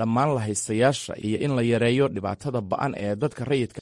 dhammaan lahaystayaasha iyo in la yareeyo dhibaatada ba'an ee dadka rayidka.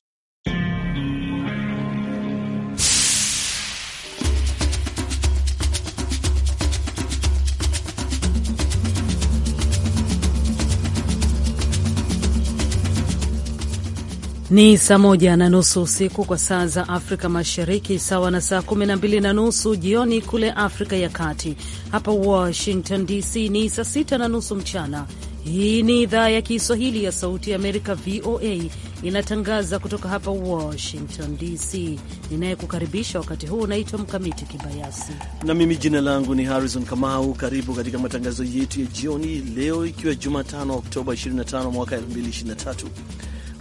Ni saa moja na nusu usiku kwa saa za Afrika Mashariki, sawa na saa kumi na mbili na nusu jioni kule Afrika ya Kati. Hapa Washington DC ni saa sita na nusu mchana. Hii ni idhaa ya Kiswahili ya Sauti ya Amerika, VOA, inatangaza kutoka hapa Washington DC. Ninayekukaribisha wakati huu unaitwa Mkamiti Kibayasi na mimi jina langu ni Harrison Kamau. Karibu katika matangazo yetu ya jioni leo, ikiwa Jumatano Oktoba 25 mwaka 2023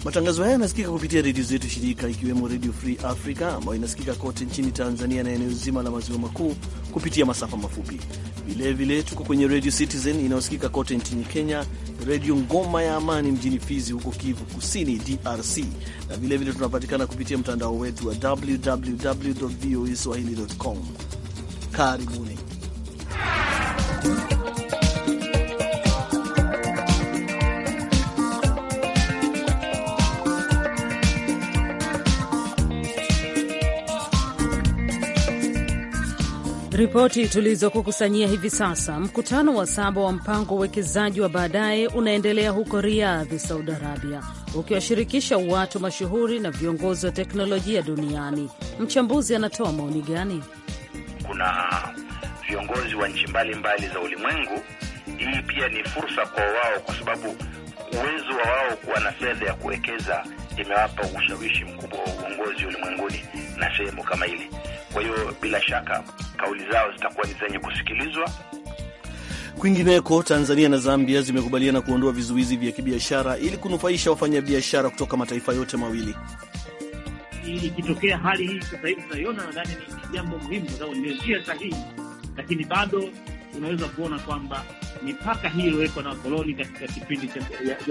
Matangazo haya yanasikika kupitia redio zetu shirika, ikiwemo Redio Free Africa ambayo inasikika kote nchini Tanzania na eneo zima la maziwa makuu kupitia masafa mafupi. Vilevile tuko kwenye Redio Citizen inayosikika kote nchini Kenya, Redio Ngoma ya Amani mjini Fizi huko Kivu Kusini, DRC, na vilevile tunapatikana kupitia mtandao wetu wa www voa swahili com. Karibuni. Ripoti tulizokukusanyia hivi sasa. Mkutano wa saba wa mpango uwekezaji wa baadaye unaendelea huko Riyadh, Saudi Arabia, ukiwashirikisha watu mashuhuri na viongozi wa teknolojia duniani. Mchambuzi anatoa maoni gani? Kuna viongozi wa nchi mbalimbali za ulimwengu. Hii pia ni fursa kwa wao, kwa sababu uwezo wa wao kuwa na fedha ya kuwekeza imewapa ushawishi mkubwa wa uongozi ulimwenguni na sehemu kama hili. Kwa hiyo bila shaka kauli zao zitakuwa ni zenye kusikilizwa. Kwingineko, Tanzania na Zambia zimekubaliana kuondoa vizuizi vya kibiashara ili kunufaisha wafanyabiashara kutoka mataifa yote mawili. Ikitokea hali hii sasa hivi tunaiona, nadhani ni jambo muhimu kwa sababu ndio njia sahihi, lakini bado unaweza kuona kwamba mipaka hii iliyowekwa na wakoloni katika kipindi cha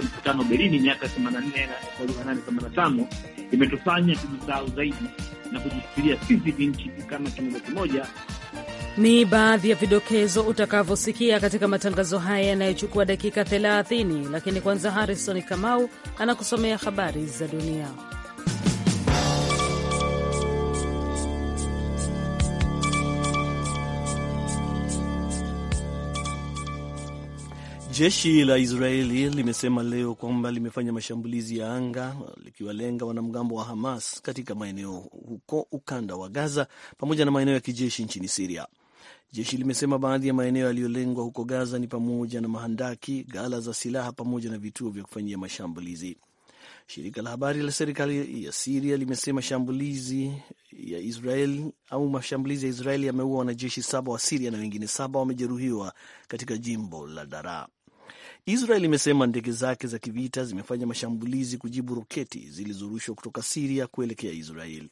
mkutano wa Berlini miaka 85 imetufanya tujisahau zaidi na kujifikiria sisi ni nchi kama kimoja kimoja ni baadhi ya vidokezo utakavyosikia katika matangazo haya yanayochukua dakika 30, lakini kwanza Harrison Kamau anakusomea habari za dunia. Jeshi la Israeli limesema leo kwamba limefanya mashambulizi ya anga likiwalenga wanamgambo wa Hamas katika maeneo huko ukanda wa Gaza pamoja na maeneo ya kijeshi nchini Siria. Jeshi limesema baadhi ya maeneo yaliyolengwa huko Gaza ni pamoja na mahandaki, ghala za silaha pamoja na vituo vya kufanyia mashambulizi. Shirika la habari la serikali ya Siria limesema shambulizi ya Israel au mashambulizi ya Israel yameua wanajeshi saba wa Siria na wengine saba wamejeruhiwa katika jimbo la Daraa. Israel imesema ndege zake za kivita zimefanya mashambulizi kujibu roketi zilizorushwa kutoka Siria kuelekea Israel.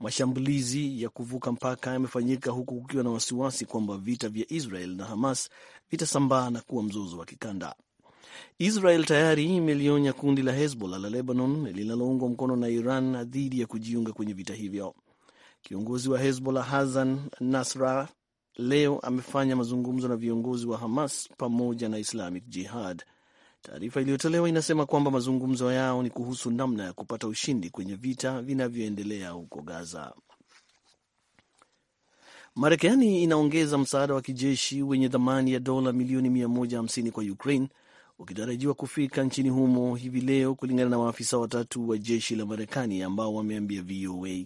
Mashambulizi ya kuvuka mpaka yamefanyika huku kukiwa na wasiwasi kwamba vita vya Israel na Hamas vitasambaa na kuwa mzozo wa kikanda. Israel tayari imelionya kundi la Hezbollah la Lebanon linaloungwa mkono na Iran dhidi ya kujiunga kwenye vita hivyo. Kiongozi wa Hezbollah Hassan Nasrallah leo amefanya mazungumzo na viongozi wa Hamas pamoja na Islamic Jihad. Taarifa iliyotolewa inasema kwamba mazungumzo yao ni kuhusu namna ya kupata ushindi kwenye vita vinavyoendelea huko Gaza. Marekani inaongeza msaada wa kijeshi wenye thamani ya dola milioni 150 kwa Ukraine ukitarajiwa kufika nchini humo hivi leo, kulingana na maafisa watatu wa jeshi la Marekani ambao wameambia VOA.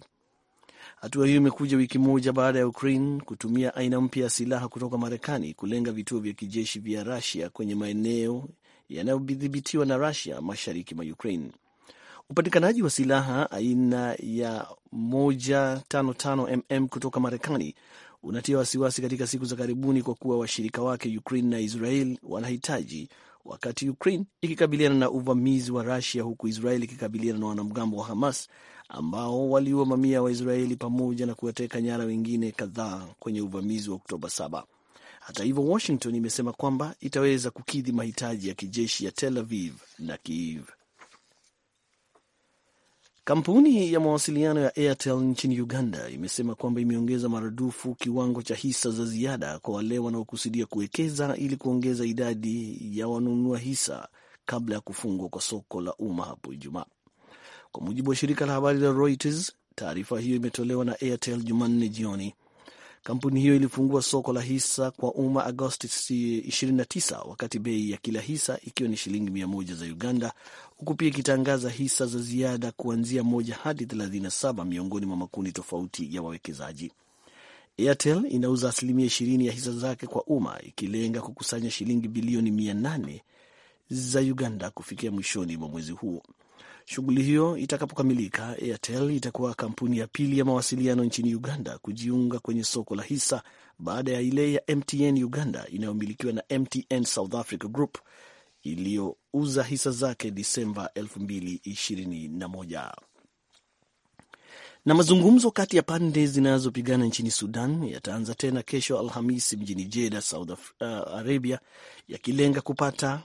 Hatua hiyo imekuja wiki moja baada ya Ukraine kutumia aina mpya ya silaha kutoka Marekani kulenga vituo vya kijeshi vya Rusia kwenye maeneo yanayodhibitiwa na Rusia mashariki mwa Ukraine. Upatikanaji wa silaha aina ya 155mm kutoka Marekani unatia wasiwasi katika siku za karibuni kwa kuwa washirika wake Ukraine na Israel wanahitaji, wakati Ukraine ikikabiliana na uvamizi wa Rusia huku Israel ikikabiliana na wanamgambo wa Hamas ambao waliua mamia wa Israeli pamoja na kuwateka nyara wengine kadhaa kwenye uvamizi wa Oktoba 7. Hata hivyo, Washington imesema kwamba itaweza kukidhi mahitaji ya kijeshi ya Tel Aviv na Kiev. Kampuni ya mawasiliano ya Airtel nchini Uganda imesema kwamba imeongeza maradufu kiwango cha hisa za ziada kwa wale wanaokusudia kuwekeza ili kuongeza idadi ya wanunua hisa kabla ya kufungwa kwa soko la umma hapo Ijumaa, kwa mujibu wa shirika la habari la Reuters. Taarifa hiyo imetolewa na Airtel Jumanne jioni Kampuni hiyo ilifungua soko la hisa kwa umma Agosti 29 wakati bei ya kila hisa ikiwa ni shilingi mia moja za Uganda, huku pia ikitangaza hisa za ziada kuanzia moja hadi 37 miongoni mwa makundi tofauti ya wawekezaji. Airtel inauza asilimia 20 ya hisa zake kwa umma ikilenga kukusanya shilingi bilioni 800 za Uganda kufikia mwishoni mwa mwezi huo. Shughuli hiyo itakapokamilika, Airtel itakuwa kampuni ya pili ya mawasiliano nchini Uganda kujiunga kwenye soko la hisa baada ya ile ya MTN Uganda inayomilikiwa na MTN South Africa Group iliyouza hisa zake Disemba 2021. Na mazungumzo kati ya pande zinazopigana nchini Sudan yataanza tena kesho Alhamisi mjini Jeda, South uh, Arabia, yakilenga kupata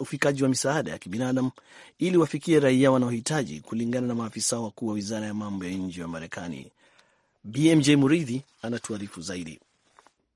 ufikaji wa misaada ya kibinadamu ili wafikie raia wanaohitaji, kulingana na maafisa wakuu wa wizara ya mambo ya nje wa Marekani. BMJ Muridhi anatuarifu zaidi.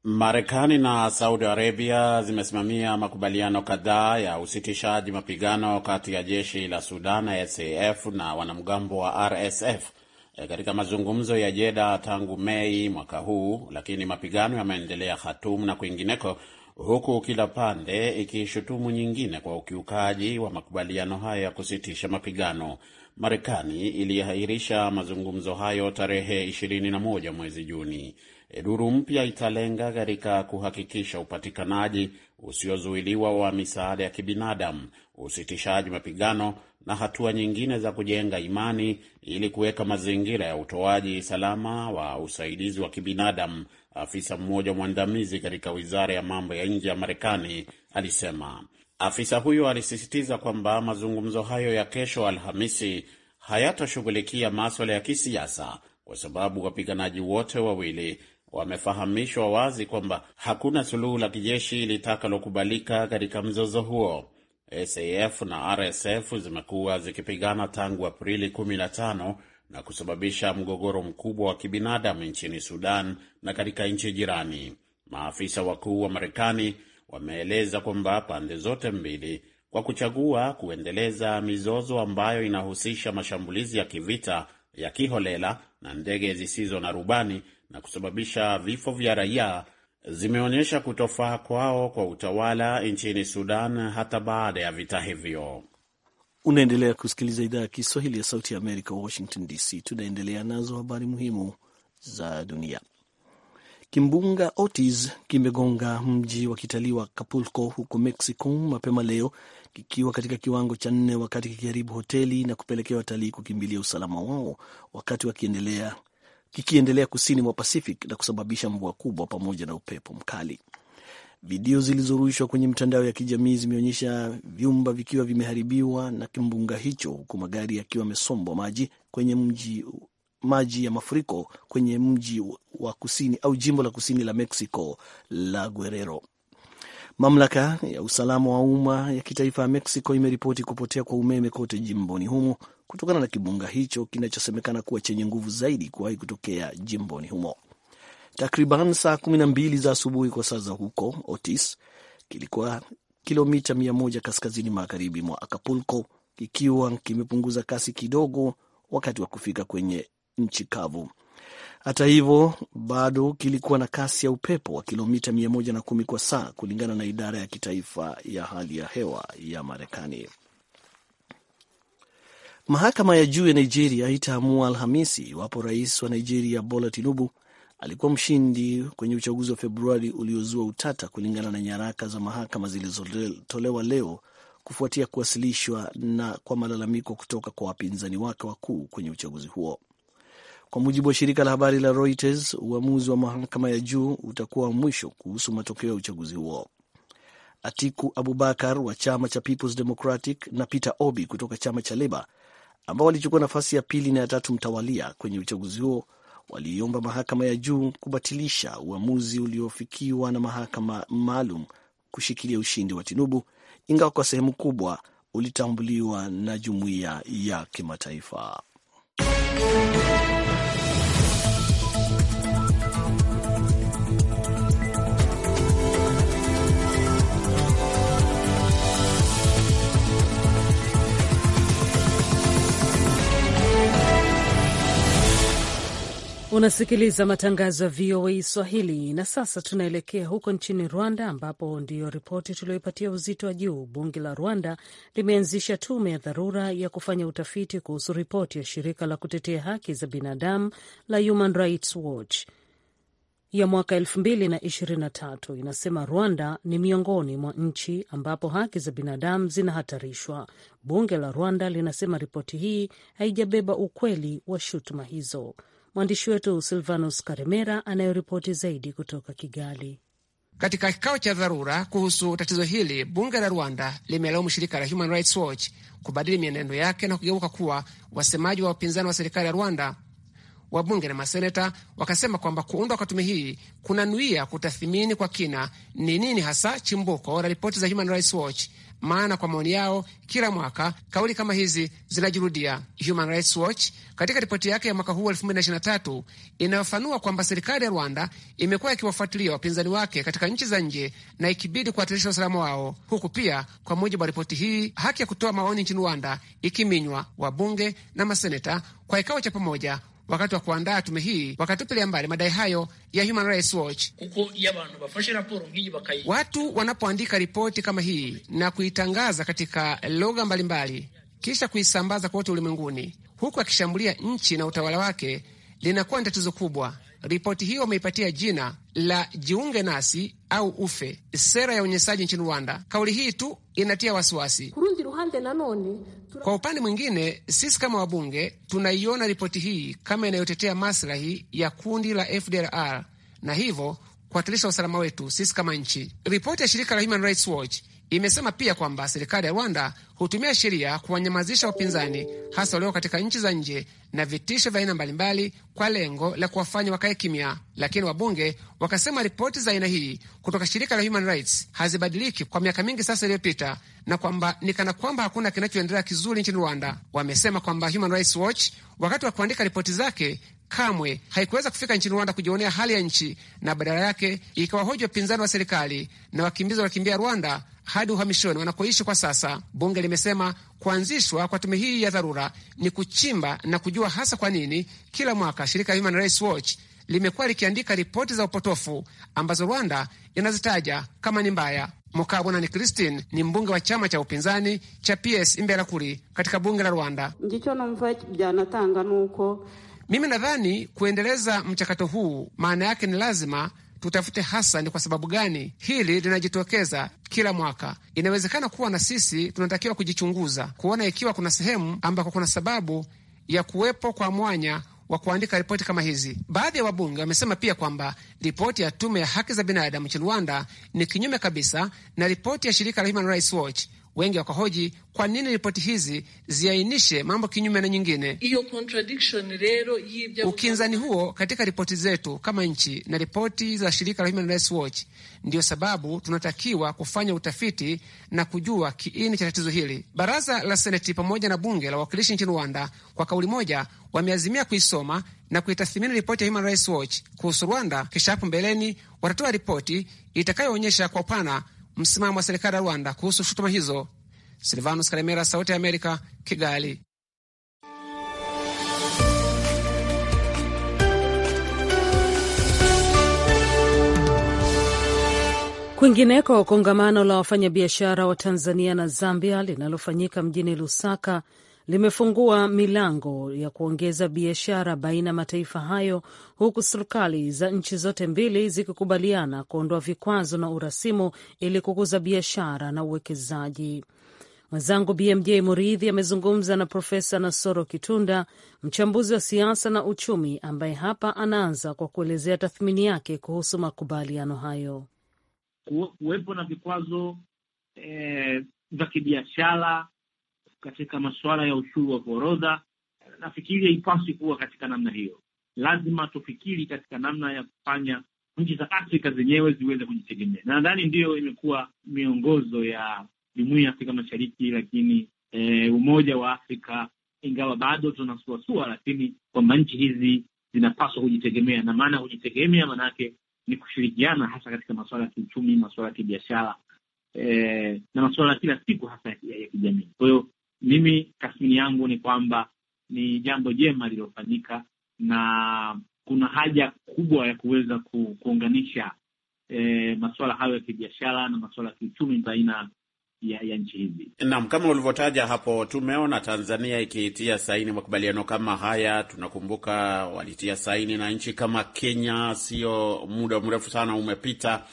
Marekani na Saudi Arabia zimesimamia makubaliano kadhaa ya usitishaji mapigano kati ya jeshi la Sudan SAF na wanamgambo wa RSF eh, katika mazungumzo ya Jeda tangu Mei mwaka huu, lakini mapigano yameendelea Khartoum na kwingineko, huku kila pande ikishutumu nyingine kwa ukiukaji wa makubaliano hayo ya kusitisha mapigano. Marekani iliahirisha mazungumzo hayo tarehe 21 mwezi Juni. E, duru mpya italenga katika kuhakikisha upatikanaji usiozuiliwa wa misaada ya kibinadamu, usitishaji mapigano na hatua nyingine za kujenga imani ili kuweka mazingira ya utoaji salama wa usaidizi wa kibinadamu, afisa mmoja mwandamizi katika wizara ya mambo ya nje ya Marekani alisema. Afisa huyo alisisitiza kwamba mazungumzo hayo ya kesho Alhamisi hayatashughulikia maswala ya kisiasa kwa sababu wapiganaji wote wawili wamefahamishwa wazi kwamba hakuna suluhu la kijeshi litakalokubalika katika mzozo huo. SAF na RSF zimekuwa zikipigana tangu Aprili 15 na kusababisha mgogoro mkubwa wa kibinadamu nchini Sudan na katika nchi jirani. Maafisa wakuu wa Marekani wameeleza kwamba pande zote mbili kwa kuchagua kuendeleza mizozo ambayo inahusisha mashambulizi ya kivita ya kiholela na ndege zisizo na rubani na kusababisha vifo vya raia zimeonyesha kutofaa kwao kwa utawala nchini Sudan hata baada ya vita hivyo. Unaendelea kusikiliza idhaa ya Kiswahili ya Sauti ya Amerika, Washington DC. Tunaendelea nazo habari muhimu za dunia. Kimbunga Otis kimegonga mji wa kitalii wa Acapulco huko Mexico mapema leo kikiwa katika kiwango cha nne, wakati kikiharibu hoteli na kupelekea watalii kukimbilia usalama wao wakati wakiendelea kikiendelea kusini mwa Pacific na kusababisha mvua kubwa pamoja na upepo mkali. Video zilizorushwa kwenye mtandao ya kijamii zimeonyesha vyumba vikiwa vimeharibiwa na kimbunga hicho, huku magari yakiwa yamesombwa maji kwenye mji maji ya mafuriko kwenye mji wa kusini au jimbo la kusini la Mexico la Guerrero. Mamlaka ya usalama wa umma ya kitaifa ya Mexico imeripoti kupotea kwa umeme kote jimboni humo kutokana na kimbunga hicho kinachosemekana kuwa chenye nguvu zaidi kuwahi kutokea jimboni humo. Takriban saa kumi na mbili za asubuhi kwa saa za huko Otis kilikuwa kilomita mia moja kaskazini magharibi mwa Acapulco, kikiwa kimepunguza kasi kidogo wakati wa kufika kwenye nchi kavu. Hata hivyo, bado kilikuwa na kasi ya upepo wa kilomita 110 kwa saa, kulingana na idara ya kitaifa ya hali ya hewa ya Marekani. Mahakama ya juu ya Nigeria itaamua Alhamisi iwapo rais wa Nigeria Bola Tinubu alikuwa mshindi kwenye uchaguzi wa Februari uliozua utata, kulingana na nyaraka za mahakama zilizotolewa leo kufuatia kuwasilishwa na kwa malalamiko kutoka kwa wapinzani wake wakuu kwenye uchaguzi huo. Kwa mujibu wa shirika la habari la Reuters, uamuzi wa mahakama ya juu utakuwa wa mwisho kuhusu matokeo ya uchaguzi huo. Atiku Abubakar wa chama cha Peoples Democratic na Peter Obi kutoka chama cha Leba ambao walichukua nafasi ya pili na ya tatu mtawalia kwenye uchaguzi huo waliiomba mahakama ya juu kubatilisha uamuzi uliofikiwa na mahakama maalum kushikilia ushindi wa Tinubu, ingawa kwa sehemu kubwa ulitambuliwa na jumuiya ya kimataifa. Unasikiliza matangazo ya VOA Swahili. Na sasa tunaelekea huko nchini Rwanda, ambapo ndiyo ripoti tuliyoipatia uzito wa juu. Bunge la Rwanda limeanzisha tume ya dharura ya kufanya utafiti kuhusu ripoti ya shirika la kutetea haki za binadamu la Human Rights Watch ya mwaka 2023 inasema Rwanda ni miongoni mwa nchi ambapo haki za binadamu zinahatarishwa. Bunge la Rwanda linasema ripoti hii haijabeba ukweli wa shutuma hizo. Mwandishi wetu Silvanus Karemera anayoripoti zaidi kutoka Kigali. Katika kikao cha dharura kuhusu tatizo hili, bunge la Rwanda limelaumu shirika la Human Rights Watch kubadili mienendo yake na kugeuka kuwa wasemaji wa upinzani wa serikali ya Rwanda. Wabunge na maseneta wakasema kwamba kuundwa kwa tume hii kunanuia kutathimini kwa kina ni nini hasa chimbuko la ripoti za Human Rights Watch maana kwa maoni yao kila mwaka kauli kama hizi zinajirudia. Human Rights Watch katika ripoti yake ya mwaka huu tatu inayofanua kwamba serikali ya Rwanda imekuwa ikiwafuatilia wapinzani wake katika nchi za nje na ikibidi kuhatarisha usalama wao, huku pia, kwa mujibu wa ripoti hii, haki ya kutoa maoni nchini Rwanda ikiminywa wabunge na maseneta kwa kikao cha pamoja wakati wa kuandaa tume hii wakatupilia mbali madai hayo ya Human Rights Watch. Watu wanapoandika ripoti kama hii na kuitangaza katika lugha mbalimbali, kisha kuisambaza kote ulimwenguni, huku akishambulia nchi na utawala wake, linakuwa ni tatizo kubwa. Ripoti hiyo wameipatia jina la jiunge nasi au ufe, sera ya unyenyesaji nchini Rwanda. Kauli hii tu inatia wasiwasi. Kwa upande mwingine, sisi kama wabunge tunaiona ripoti hii kama inayotetea maslahi ya kundi la FDLR na hivyo kuhatarisha usalama wetu sisi kama nchi. Ripoti ya shirika la Human Rights Watch Imesema pia kwamba serikali ya Rwanda hutumia sheria kuwanyamazisha wapinzani, hasa walioko katika nchi za nje, na vitisho vya aina mbalimbali kwa lengo la kuwafanya wakae kimya. Lakini wabunge wakasema ripoti za aina hii kutoka shirika la Human Rights hazibadiliki kwa miaka mingi sasa iliyopita, na kwamba ni kana kwamba hakuna kinachoendelea kizuri nchini Rwanda. Wamesema kwamba Human Rights Watch wakati wa kuandika ripoti zake kamwe haikuweza kufika nchini Rwanda kujionea hali ya nchi na badala yake ikawahoji wapinzani wa serikali na wakimbizi wanakimbia Rwanda hadi uhamishoni wanakoishi kwa sasa. Bunge limesema kuanzishwa kwa tume hii ya dharura ni kuchimba na kujua hasa kwa nini kila mwaka shirika Human Rights Watch limekuwa likiandika ripoti za upotofu ambazo Rwanda inazitaja kama ni mbaya. Mukabunani Christine ni mbunge wa chama cha upinzani cha PS Imberakuri katika bunge la Rwanda. Mimi nadhani kuendeleza mchakato huu, maana yake ni lazima tutafute hasa ni kwa sababu gani hili linajitokeza kila mwaka. Inawezekana kuwa na sisi tunatakiwa kujichunguza, kuona ikiwa kuna sehemu ambako kuna sababu ya kuwepo kwa mwanya wa kuandika ripoti kama hizi. Baadhi ya wabunge wamesema pia kwamba ripoti ya tume ya haki za binadamu nchini Rwanda ni kinyume kabisa na ripoti ya shirika la Human Rights Watch wengi wakahoji kwa nini ripoti hizi ziainishe mambo kinyume na nyingine. Ukinzani huo katika ripoti zetu kama nchi na ripoti za shirika la Human Rights Watch, ndiyo sababu tunatakiwa kufanya utafiti na kujua kiini cha tatizo hili. Baraza la Seneti pamoja na bunge la Wakilishi nchini Rwanda kwa kauli moja wameazimia kuisoma na kuitathimini ripoti ya Human Rights Watch kuhusu Rwanda, kisha hapo mbeleni watatoa ripoti itakayoonyesha kwa upana msimamo wa serikali ya Rwanda kuhusu shutuma hizo. Silvanus Karemera, Sauti ya Amerika, Kigali. Kwingineko, kongamano la wafanyabiashara wa Tanzania na Zambia linalofanyika mjini Lusaka limefungua milango ya kuongeza biashara baina ya mataifa hayo huku serikali za nchi zote mbili zikikubaliana kuondoa vikwazo na urasimu ili kukuza biashara na uwekezaji. Mwenzangu BMJ Muridhi amezungumza na Profesa Nasoro Kitunda, mchambuzi wa siasa na uchumi, ambaye hapa anaanza kwa kuelezea tathmini yake kuhusu makubaliano hayo. Kuwepo na vikwazo eh, vya kibiashara katika masuala ya ushuru wa forodha, nafikiri haipaswi kuwa katika namna hiyo. Lazima tufikiri katika namna ya kufanya nchi za Afrika zenyewe ziweze kujitegemea, na nadhani ndiyo imekuwa miongozo ya jumuiya ya Afrika Mashariki, lakini e, Umoja wa Afrika, ingawa bado tunasuasua, lakini kwamba nchi hizi zinapaswa kujitegemea. Na maana ya kujitegemea, maanake ni kushirikiana hasa katika masuala ya kiuchumi, masuala ya kibiashara e, na masuala ya kila siku hasa ya kijamii. Kwa hiyo mimi tathmini yangu ni kwamba ni jambo jema lililofanyika na kuna haja kubwa ya kuweza ku, kuunganisha e, eh, masuala hayo ya kibiashara na masuala ya kiuchumi baina ya, ya nchi hizi. Naam, kama ulivyotaja hapo, tumeona Tanzania ikiitia saini makubaliano kama haya. Tunakumbuka walitia saini na nchi kama Kenya, sio muda mrefu sana umepita,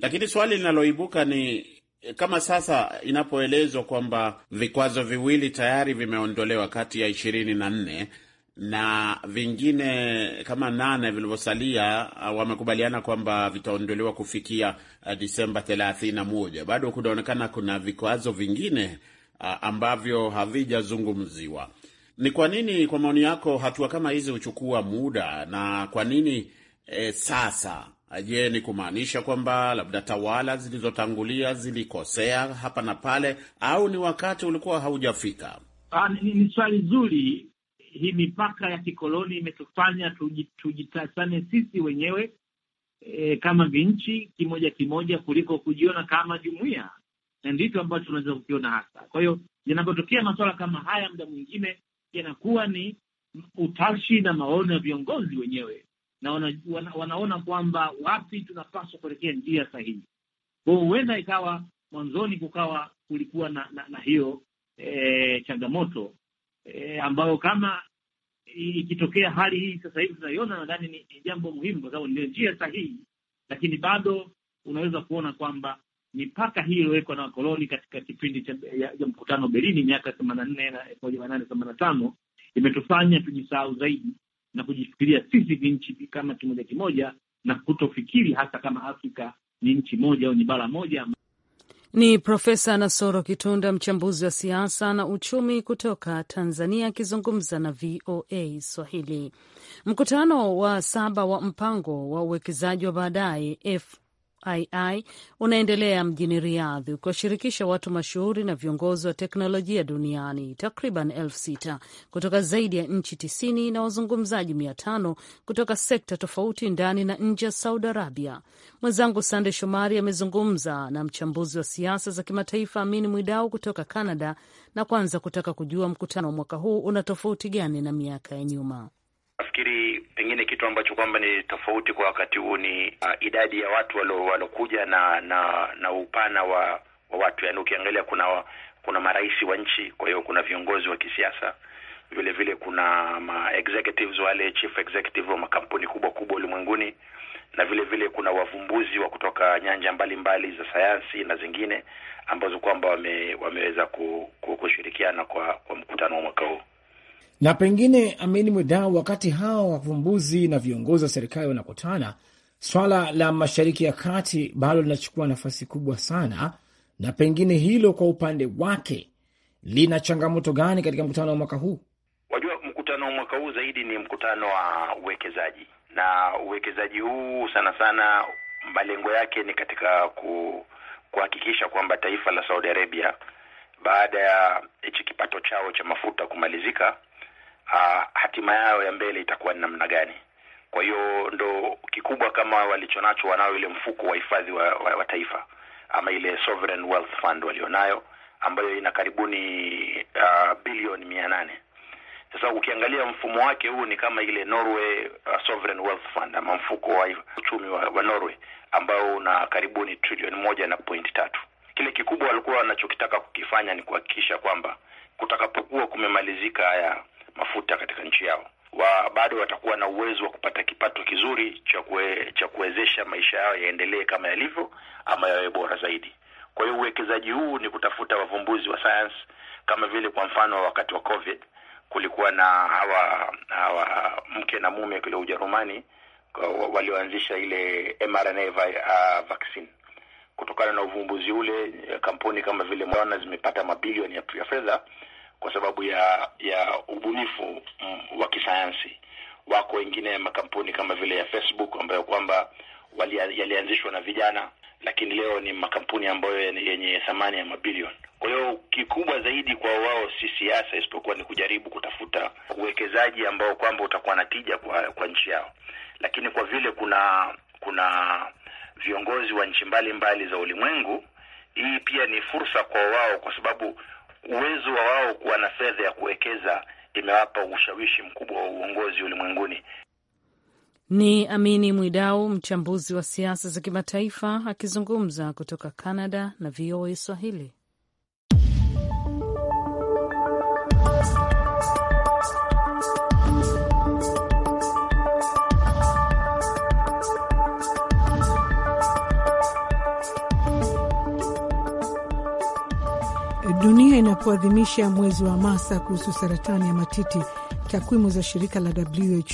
lakini swali linaloibuka ni kama sasa inapoelezwa kwamba vikwazo viwili tayari vimeondolewa kati ya ishirini na nne na vingine kama nane vilivyosalia uh, wamekubaliana kwamba vitaondolewa kufikia uh, Disemba thelathini na moja. Bado kunaonekana kuna vikwazo vingine uh, ambavyo havijazungumziwa. Ni kwa nini, kwa maoni yako, hatua kama hizi huchukua muda na kwa nini e, sasa Je, ni kumaanisha kwamba labda tawala zilizotangulia zilikosea hapa na pale, au ni wakati ulikuwa haujafika? A, ah, ni, ni swali zuri. Hii mipaka ya kikoloni imetufanya tujitasane sisi wenyewe e, kama vinchi kimoja kimoja kuliko kujiona kama jumuiya, na ndicho ambacho tunaweza kukiona hasa. Kwa hiyo yanapotokea masuala kama haya, muda mwingine yanakuwa ni utashi na maono ya viongozi wenyewe na wana, wana, wanaona kwamba wapi tunapaswa kuelekea njia sahihi. Kwa hiyo huenda ikawa mwanzoni kukawa kulikuwa na, na, na hiyo e, changamoto e, ambayo kama ikitokea hali hii sasa hivi tunaiona, nadhani ni, ni jambo muhimu kwa sababu ndio njia sahihi, lakini bado unaweza kuona kwamba mipaka hii iliyowekwa na wakoloni katika kipindi cha ya mkutano Berlin miaka themanini na nne na elfu moja mia nane themanini na tano imetufanya tujisahau zaidi na kujifikiria sisi ni nchi kama kimoja kimoja na kutofikiri hasa kama Afrika ni nchi moja au ni bara moja. Ni Profesa Nasoro Kitunda, mchambuzi wa siasa na uchumi kutoka Tanzania, akizungumza na VOA Swahili. Mkutano wa saba wa mpango wa uwekezaji wa baadaye ii unaendelea mjini Riyadh ukiwashirikisha watu mashuhuri na viongozi wa teknolojia duniani takriban elfu sita kutoka zaidi ya nchi tisini na wazungumzaji mia tano kutoka sekta tofauti ndani na nje ya Saudi Arabia. Mwenzangu Sande Shomari amezungumza na mchambuzi wa siasa za kimataifa Amin Mwidau kutoka Canada na kwanza kutaka kujua mkutano wa mwaka huu una tofauti gani na miaka ya nyuma. Nafikiri pengine kitu ambacho kwamba ni tofauti kwa wakati huu ni uh, idadi ya watu waliokuja na na na upana wa, wa watu yaani, ukiangalia kuna kuna marais wa nchi, kwa hiyo kuna viongozi wa kisiasa vile vile kuna ma executives wale chief executive wa makampuni kubwa kubwa ulimwenguni, na vile vile kuna wavumbuzi wa kutoka nyanja mbalimbali mbali za sayansi na zingine ambazo kwamba wame, wameweza kushirikiana kwa, kwa mkutano wa mwaka huu. Na pengine Amini Mwidau, wakati hawa wavumbuzi na viongozi wa serikali wanakutana, swala la Mashariki ya Kati bado linachukua nafasi kubwa sana, na pengine hilo kwa upande wake lina changamoto gani katika mkutano wa mwaka huu? Wajua, mkutano wa mwaka huu zaidi ni mkutano wa uwekezaji, na uwekezaji huu sana sana malengo yake ni katika ku kuhakikisha kwamba taifa la Saudi Arabia baada ya hichi kipato chao cha mafuta kumalizika uh, hatima yao ya mbele itakuwa ni namna gani. Kwa hiyo ndo kikubwa kama walichonacho, wanao ile mfuko wa hifadhi wa, wa, wa taifa ama ile sovereign wealth fund walionayo ambayo ina karibuni uh, bilioni mia nane. Sasa ukiangalia mfumo wake huu ni kama ile Norway uh, sovereign wealth fund ama mfuko wa uchumi wa, wa Norway ambao una karibuni trilioni moja na point tatu. Kile kikubwa walikuwa wanachokitaka kukifanya ni kuhakikisha kwamba kutakapokuwa kumemalizika haya mafuta katika nchi yao wa bado watakuwa na uwezo wa kupata kipato kizuri cha cha kuwezesha maisha yao yaendelee kama yalivyo ama yawe bora zaidi. Kwa hiyo uwekezaji huu ni kutafuta wavumbuzi wa science kama vile kwa mfano wakati wa COVID kulikuwa na hawa hawa mke na mume kule Ujerumani walioanzisha ile mRNA uh, vaccine. Kutokana na uvumbuzi ule, kampuni kama vile Moderna zimepata mabilioni ya fedha kwa sababu ya ya ubunifu mm, wa kisayansi. Wako wengine makampuni kama vile ya Facebook ambayo kwamba yalianzishwa na vijana, lakini leo ni makampuni ambayo yenye thamani ya mabilioni. Kwa hiyo kikubwa zaidi kwa wao si siasa, isipokuwa ni kujaribu kutafuta uwekezaji ambao kwamba utakuwa na tija kwa kwa nchi yao. Lakini kwa vile kuna kuna viongozi wa nchi mbalimbali za ulimwengu, hii pia ni fursa kwa wao, kwa sababu uwezo wa wao kuwa na fedha ya kuwekeza imewapa ushawishi mkubwa wa uongozi ulimwenguni. Ni Amini Mwidau, mchambuzi wa siasa za kimataifa, akizungumza kutoka Canada na VOA Swahili. Dunia inapoadhimisha mwezi wa hamasa kuhusu saratani ya matiti, takwimu za shirika la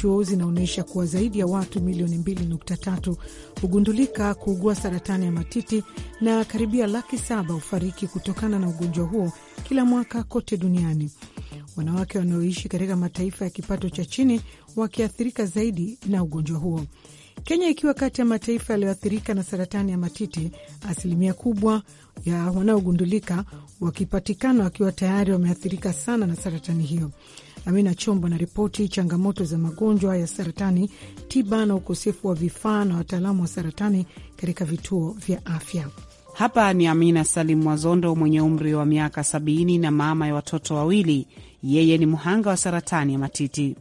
WHO zinaonyesha kuwa zaidi ya watu milioni 2.3 hugundulika kuugua saratani ya matiti na karibia laki saba hufariki kutokana na ugonjwa huo kila mwaka kote duniani. Wanawake wanaoishi katika mataifa ya kipato cha chini wakiathirika zaidi na ugonjwa huo. Kenya ikiwa kati ya mataifa yaliyoathirika na saratani ya matiti, asilimia kubwa ya wanaogundulika wakipatikana wakiwa tayari wameathirika sana na saratani hiyo. Amina Chombo na ripoti changamoto za magonjwa ya saratani, tiba na ukosefu wa vifaa na wataalamu wa saratani katika vituo vya afya. Hapa ni Amina Salim Mwazondo mwenye umri wa miaka sabini na mama ya watoto wawili. Yeye ni mhanga wa saratani ya matiti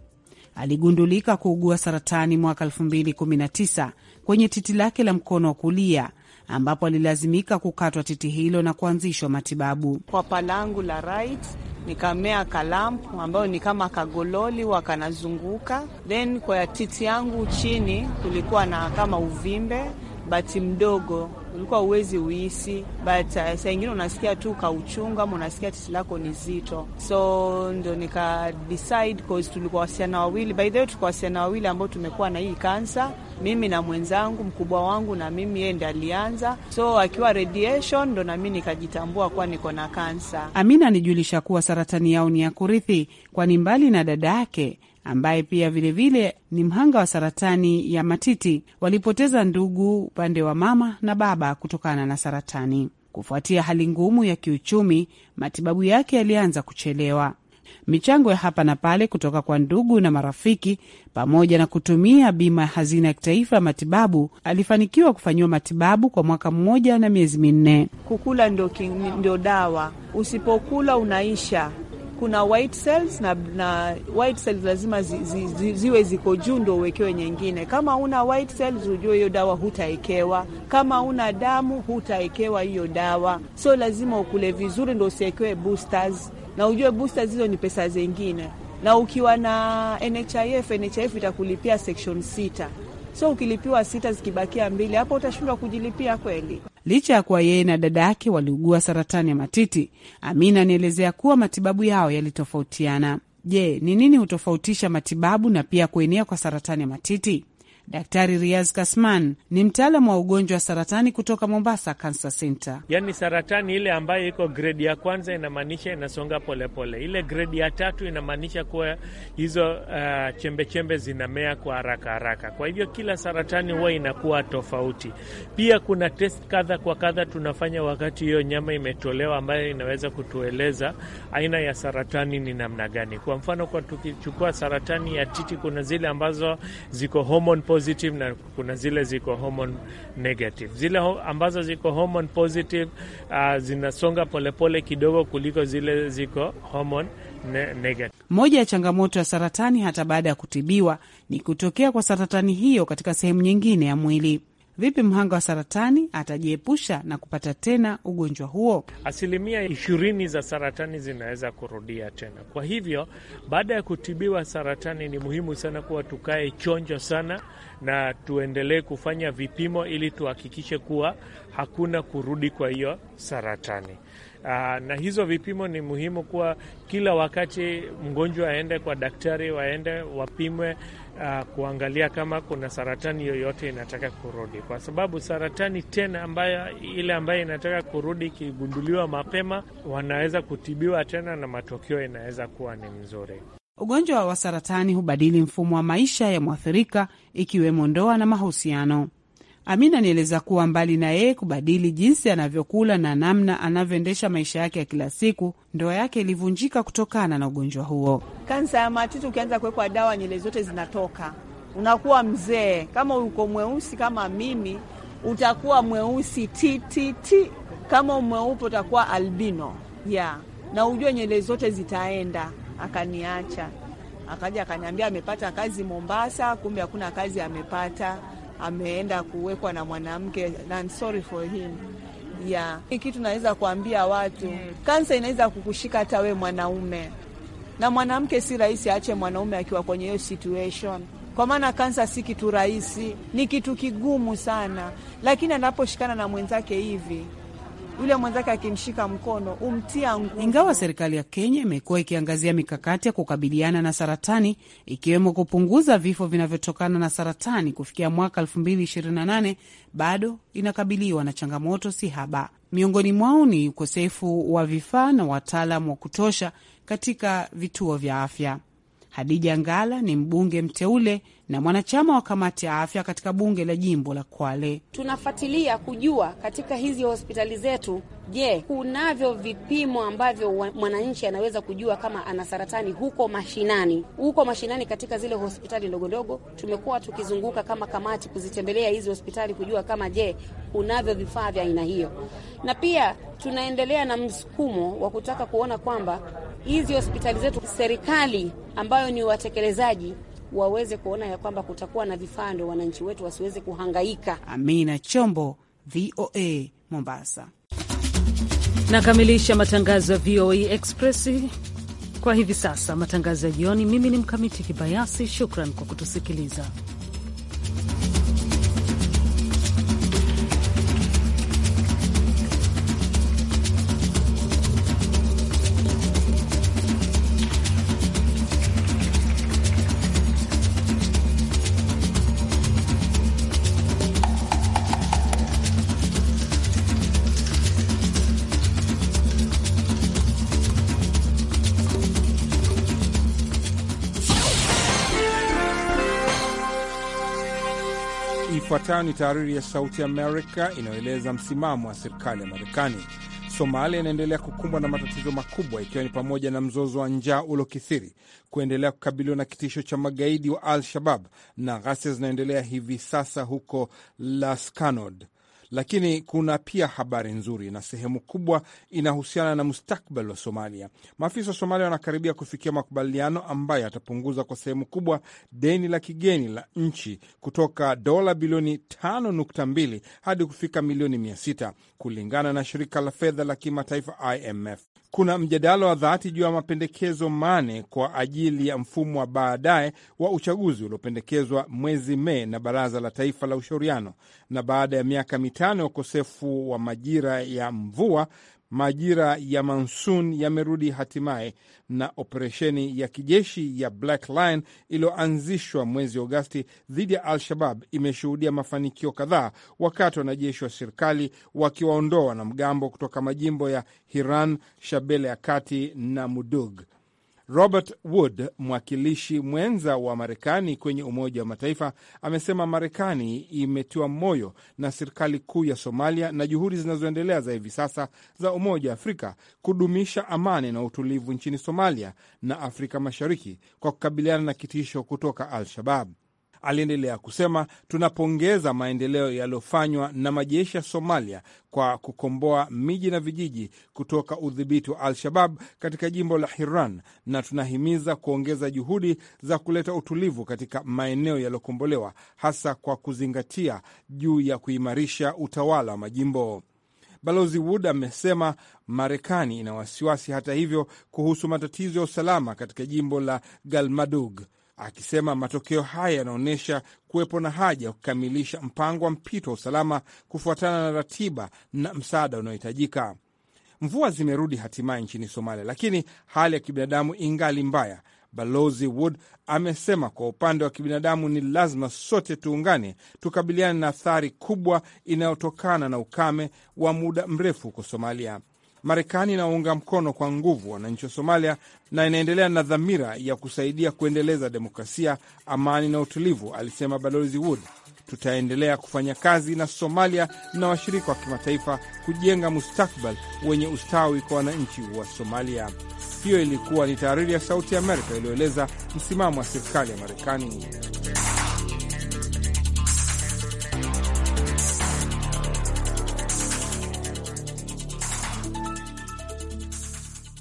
aligundulika kuugua saratani mwaka 2019 kwenye titi lake la mkono wa kulia ambapo alilazimika kukatwa titi hilo na kuanzishwa matibabu. Kwa palangu la right nikamea kalampu ambayo ni kama kagololi wakanazunguka, then kwa titi yangu chini kulikuwa na kama uvimbe bati mdogo ulikuwa uwezi uisi, but uh, saa ingine unasikia tu kauchunga ama unasikia titi lako ni zito, so ndo nika decide cause tulikuwa wasichana wawili, by the way tulikuwa wasichana wawili ambao tumekuwa na hii kansa, mimi na mwenzangu mkubwa wangu na mimi, yeye ndo alianza, so akiwa radiation ndo nami nikajitambua kuwa niko na kansa. Amina anijulisha kuwa saratani yao ni ya kurithi, kwani mbali na dada yake ambaye pia vilevile vile ni mhanga wa saratani ya matiti. Walipoteza ndugu upande wa mama na baba kutokana na saratani. Kufuatia hali ngumu ya kiuchumi, matibabu yake yalianza kuchelewa. Michango ya hapa na pale kutoka kwa ndugu na marafiki, pamoja na kutumia bima ya hazina ya kitaifa ya matibabu, alifanikiwa kufanyiwa matibabu kwa mwaka mmoja na miezi minne. Kukula ndio, ndio dawa, usipokula unaisha kuna white cells na, na white cells lazima zi, zi, zi, ziwe ziko juu ndo uwekewe nyingine. Kama una white cells ujue hiyo dawa hutaekewa. Kama una damu hutaekewa hiyo dawa, so lazima ukule vizuri ndo usiekewe boosters, na ujue boosters hizo ni pesa zingine, na ukiwa na NHIF, NHIF itakulipia section sita, so ukilipiwa sita zikibakia mbili, hapo utashindwa kujilipia kweli. Licha ya kuwa yeye na dada yake waliugua saratani ya matiti, Amina anaelezea kuwa matibabu yao yalitofautiana. Je, ni nini hutofautisha matibabu na pia kuenea kwa saratani ya matiti? Daktari Riaz Kasman ni mtaalamu wa ugonjwa wa saratani kutoka Mombasa Cancer Center. Yani, saratani ile ambayo iko gredi ya kwanza inamaanisha inasonga polepole pole. Ile gredi ya tatu inamaanisha kuwa hizo uh, chembechembe zinamea kwa haraka haraka. Kwa hivyo kila saratani huwa inakuwa tofauti. Pia kuna test kadha kwa kadha tunafanya wakati hiyo nyama imetolewa, ambayo inaweza kutueleza aina ya saratani ni namna gani. Kwa mfano, kwa tukichukua saratani ya titi, kuna zile ambazo ziko hormone positive na kuna zile ziko hormone negative. Zile ambazo ziko hormone positive uh, zinasonga polepole kidogo kuliko zile ziko hormone ne negative. Moja ya changamoto ya saratani hata baada ya kutibiwa ni kutokea kwa saratani hiyo katika sehemu nyingine ya mwili. Vipi mhanga wa saratani atajiepusha na kupata tena ugonjwa huo? Asilimia ishirini za saratani zinaweza kurudia tena. Kwa hivyo, baada ya kutibiwa saratani, ni muhimu sana kuwa tukae chonjo sana na tuendelee kufanya vipimo ili tuhakikishe kuwa hakuna kurudi kwa hiyo saratani. Aa, ah, na hizo vipimo ni muhimu kuwa kila wakati mgonjwa aende kwa daktari, waende wapimwe uh, kuangalia kama kuna saratani yoyote inataka kurudi, kwa sababu saratani tena ambayo ile ambayo inataka kurudi ikigunduliwa mapema, wanaweza kutibiwa tena na matokeo inaweza kuwa ni mzuri. Ugonjwa wa saratani hubadili mfumo wa maisha ya mwathirika, ikiwemo ndoa na mahusiano. Amina anieleza kuwa mbali na yeye kubadili jinsi anavyokula na namna anavyoendesha maisha yake ya kila siku, ndoa yake ilivunjika kutokana na ugonjwa huo. Kansa ya matiti ukianza kuwekwa dawa, nywele zote zinatoka, unakuwa mzee. Kama uko mweusi kama mimi, utakuwa mweusi tititi, kama mweupe utakuwa albino yeah. na ujue nywele zote zitaenda. Akaniacha, akaja akaniambia amepata kazi Mombasa, kumbe hakuna kazi amepata ameenda kuwekwa na mwanamke na I'm sorry for him. Yeah. Kitu naweza kuambia watu, kansa inaweza kukushika hata we mwanaume, na mwanamke si rahisi aache mwanaume akiwa kwenye hiyo situation, kwa maana kansa si kitu rahisi, ni kitu kigumu sana, lakini anaposhikana na mwenzake hivi yule mwenzake akimshika mkono umtia nguvu. Ingawa serikali ya Kenya imekuwa ikiangazia mikakati ya kukabiliana na saratani ikiwemo kupunguza vifo vinavyotokana na saratani kufikia mwaka 2028 bado inakabiliwa na changamoto si haba. Miongoni mwao ni ukosefu wa vifaa na wataalamu wa kutosha katika vituo vya afya. Hadija Ngala ni mbunge mteule na mwanachama wa kamati ya afya katika bunge la jimbo la Kwale. Tunafuatilia kujua katika hizi hospitali zetu, je, kunavyo vipimo ambavyo mwananchi anaweza kujua kama ana saratani huko mashinani? Huko mashinani katika zile hospitali ndogondogo, tumekuwa tukizunguka kama kamati kuzitembelea hizi hospitali kujua kama, je, kunavyo vifaa vya aina hiyo, na pia tunaendelea na msukumo wa kutaka kuona kwamba hizi hospitali zetu, serikali ambayo ni watekelezaji waweze kuona ya kwamba kutakuwa na vifaa, ndio wananchi wetu wasiweze kuhangaika. Amina Chombo, VOA Mombasa. Nakamilisha matangazo ya VOA Express kwa hivi sasa, matangazo ya jioni. Mimi ni Mkamiti Kibayasi, shukran kwa kutusikiliza. ifuatayo ni taariri ya Sauti Amerika inayoeleza msimamo wa serikali ya Marekani. Somalia inaendelea kukumbwa na matatizo makubwa ikiwa ni pamoja na mzozo wa njaa uliokithiri, kuendelea kukabiliwa na kitisho cha magaidi wa Al Shabab na ghasia zinaendelea hivi sasa huko Lascanod lakini kuna pia habari nzuri, na sehemu kubwa inahusiana na mustakbal wa Somalia. Maafisa wa Somalia wanakaribia kufikia makubaliano ambayo yatapunguza kwa sehemu kubwa deni la kigeni la nchi kutoka dola bilioni 5.2 hadi kufika milioni 600 kulingana na shirika la fedha la kimataifa IMF kuna mjadala wa dhati juu ya mapendekezo mane kwa ajili ya mfumo wa baadaye wa uchaguzi uliopendekezwa mwezi Mei na Baraza la Taifa la Ushauriano. Na baada ya miaka mitano ya ukosefu wa majira ya mvua, majira ya monsun yamerudi hatimaye, na operesheni ya kijeshi ya Black Lion iliyoanzishwa mwezi Agosti dhidi ya Al-Shabab imeshuhudia mafanikio kadhaa, wakati wanajeshi wa serikali wakiwaondoa wanamgambo kutoka majimbo ya Hiran, shabele ya kati na Mudug. Robert Wood, mwakilishi mwenza wa Marekani kwenye Umoja wa Mataifa, amesema Marekani imetiwa moyo na serikali kuu ya Somalia na juhudi zinazoendelea za hivi sasa za Umoja wa Afrika kudumisha amani na utulivu nchini Somalia na Afrika Mashariki kwa kukabiliana na kitisho kutoka Al-Shabab. Aliendelea kusema tunapongeza maendeleo yaliyofanywa na majeshi ya Somalia kwa kukomboa miji na vijiji kutoka udhibiti wa Al-Shabab katika jimbo la Hiran na tunahimiza kuongeza juhudi za kuleta utulivu katika maeneo yaliyokombolewa hasa kwa kuzingatia juu ya kuimarisha utawala wa majimbo. Balozi Wood amesema Marekani ina wasiwasi hata hivyo, kuhusu matatizo ya usalama katika jimbo la Galmadug akisema matokeo haya yanaonyesha kuwepo na haja ya kukamilisha mpango wa mpito wa usalama kufuatana na ratiba na msaada unaohitajika. Mvua zimerudi hatimaye nchini Somalia, lakini hali ya kibinadamu ingali mbaya. Balozi Wood amesema kwa upande wa kibinadamu ni lazima sote tuungane tukabiliane na athari kubwa inayotokana na ukame wa muda mrefu huko Somalia. Marekani inaunga mkono kwa nguvu wananchi wa Somalia na inaendelea na dhamira ya kusaidia kuendeleza demokrasia, amani na utulivu, alisema Balozi Wood. Tutaendelea kufanya kazi na Somalia na washirika wa kimataifa kujenga mustakbal wenye ustawi kwa wananchi wa Somalia. Hiyo ilikuwa ni tahariri ya Sauti ya Amerika iliyoeleza msimamo wa serikali ya Marekani.